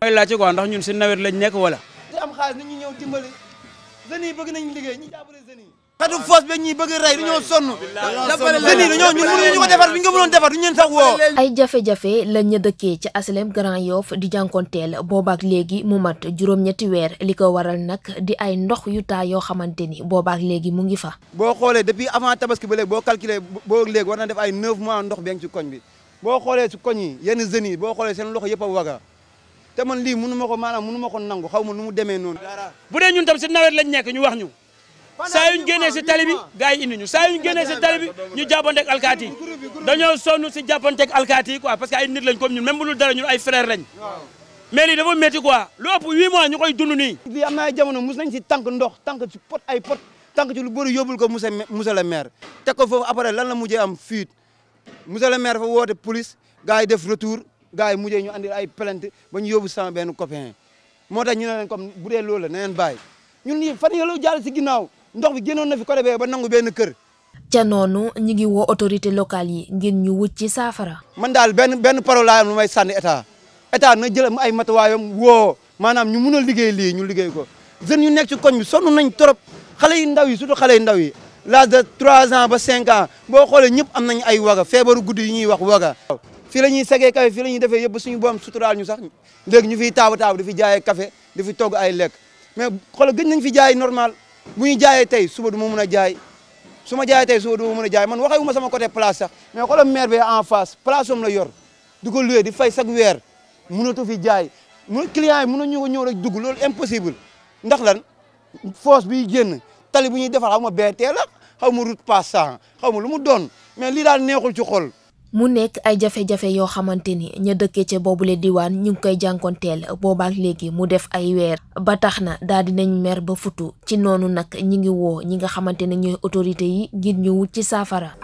mooy laajte quoi ndax ñun si nawet lañ nekk wala. di am xaalis nañu ñëw dimbali jeunes yi bëgg nañu liggéey ñi jàppale jeunes katu foos ba ñuy bëgg rey dañoo sonn dañoo dañoo ñu mënuñu ko defar bi ñu ko mënoon defar duñu leen sax woo ay jafe-jafe la ña dëkkee ci aslem Grand Yoff di jànkonteel boobaak léegi mu mat juróom-ñetti weer li ko waral nag di ay ndox yu taa yoo xamante ni boobaak léegi mu ngi fa boo xoolee depuis avant tabaski ba léegi boo calculé boo léegi war na def ay 9 mois ndox bi ngi ci koñ bi boo xoolee si koñ yi yenn jeunes yi boo xoolee seen loxo yëpp a waga te man lii mënu ma ko maanaam mënu ma ko nangu xaw ma nu mu demee noonu bu dee ñun tam nawet lañ nekk ñu wax ñu saa yu ñu génnee si tali bi gars yi indi ñu saa yu ñu génnee si tali bi ñu jàppanteeg alkaati dañoo sonn si jàppanteeg alkaati yi parce que ay nit lañ comme ñun même bu dul dara ñun ay frère lañ mais dafa métti quoi lu ëpp huit mois ñu koy dund nii bi am na ay jamono mus nañ si tànk ndox tànk si pot ay pot tànk ci lu bëri yóbbul ko monsieur monsieur le maire teg ko foofu après lan la mujjee am fuite monsieur le maire fa woote police gars yi def retour gars yi mujjee ñu andil ay plainte ba ñu yóbbu sama benn copain moo tax ñu ne leen comme bu dee loolu la na leen bàyyi ñun ñii fan yële si ginnaaw ndox bi génnoon na fi côté bee ba nangu benn kër. ca noonu ñu ngi woo autorité locale yi ngir ñu wut ci saafara. man daal benn benn parole laa lu may sànni état état na jël ay matuwaayam woo maanaam ñu mun a liggéey lii ñu liggéey ko jeunes yu nekk ci koñ bi sonn nañ trop xale yu ndaw yi surtout xale yu ndaw yi l'âge de 3 ans ba 5 ans boo xoolee ñëpp am nañ ay waga feebaru guddi yi ñuy wax waga. fii la ñuy segee café fii la ñuy defee yëpp suñu boom suturaal ñu sax léegi ñu fiy taabu taabu di fi jaayee café fi togg ay lekk mais xoolal bu ñu jaayee tey suba du ma mën a jaay su ma jaayee tey suba du ma mën a jaay man waxewu ma sama côté place sax mais xoolal maire bi en face place am la yor di ko loué di fay chaque weer mënatu fi jaay mu client yi mënuñu ko ñëw rek dugg loolu impossible ndax lan force biy génn tali bu ñuy defar xaw ma BRT la xaw ma route passant xaw ma lu mu doon mais lii daal neexul ci xol mu nekk ay jafe-jafe yoo xamante ni ña dëkkee boobu boobule diwaan ñu ngi koy jànkonteel boobaak léegi mu def ay weer ba tax na daal dinañ mer ba futu ci noonu nag ñu ngi woo ñi nga xamante ne ñooy autorité yi ngir ñu wut ci saafara